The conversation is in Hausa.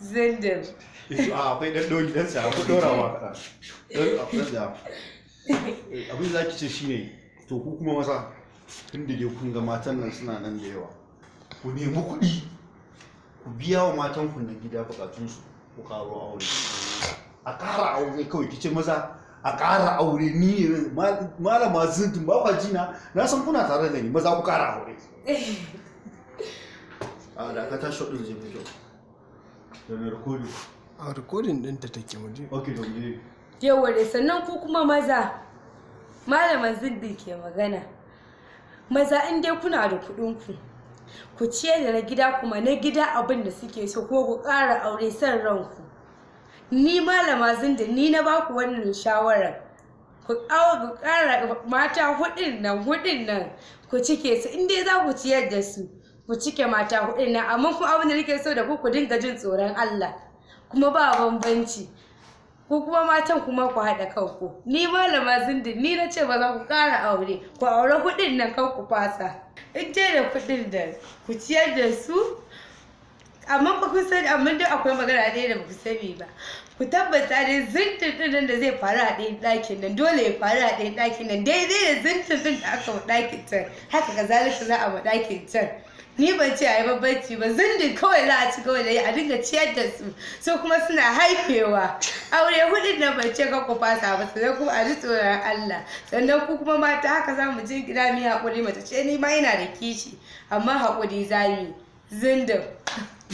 zindin a akwai dan dogi dan sa akwai dora wa kada da abin da zaki ce shi ne to ku kuma masa tun da dai kun ga matan nan suna nan da yawa ku nemi kuɗi ku biya wa matan ku na gida buƙatunsu ku karo aure a ƙara aure kawai kice maza a ƙara aure ni ne malama zindin ba kwa jina na san kuna tare da ni maza ku ƙara aure a da ka tashi ɗin zai fito da mai rikodin a rikodin ɗin ta take mu je ok da mu yawa dai sannan ku kuma maza malaman ziddi ke magana maza in dai kuna da kuɗin ku ku ciye da na gida kuma na gida abin da suke so ko ku ƙara aure son ranku ni malama zinda ni na baku wannan shawarar ku ƙara mata hudin nan hudin nan ku cike su in dai za ku ciyar da su ku cike mata hudu nan amma kuma abin da nake so da ku ku dinga jin tsoron Allah kuma ba bambanci ku kuma matan kuma ku haɗa kanku ni malama zindi ni na ce ba za ku ƙara aure ku aure kuɗin nan kan ku fasa in je da kuɗin da ku ciyar da su amma ba ku sani amma duk akwai magana ɗaya da ba ku sani ba ku tabbata dai zintin ɗin nan da zai faru a ɗayan ɗakin nan dole ya faru a ɗayan ɗakin nan daidai da zintin ɗin da aka wa ɗakin can haka kazalika za a wa ɗakin can ni ban ce a yi babbaci ba zindin kawai za a ci kawai da a dinga ciyar da su su kuma suna haifewa aure hudun na bace ka ku fasa ba sannan kuma a ji tsoron Allah sannan ku kuma mata haka za mu je gida mu yi haƙuri mace ce ni ma ina da kishi amma haƙuri za mu yi zindin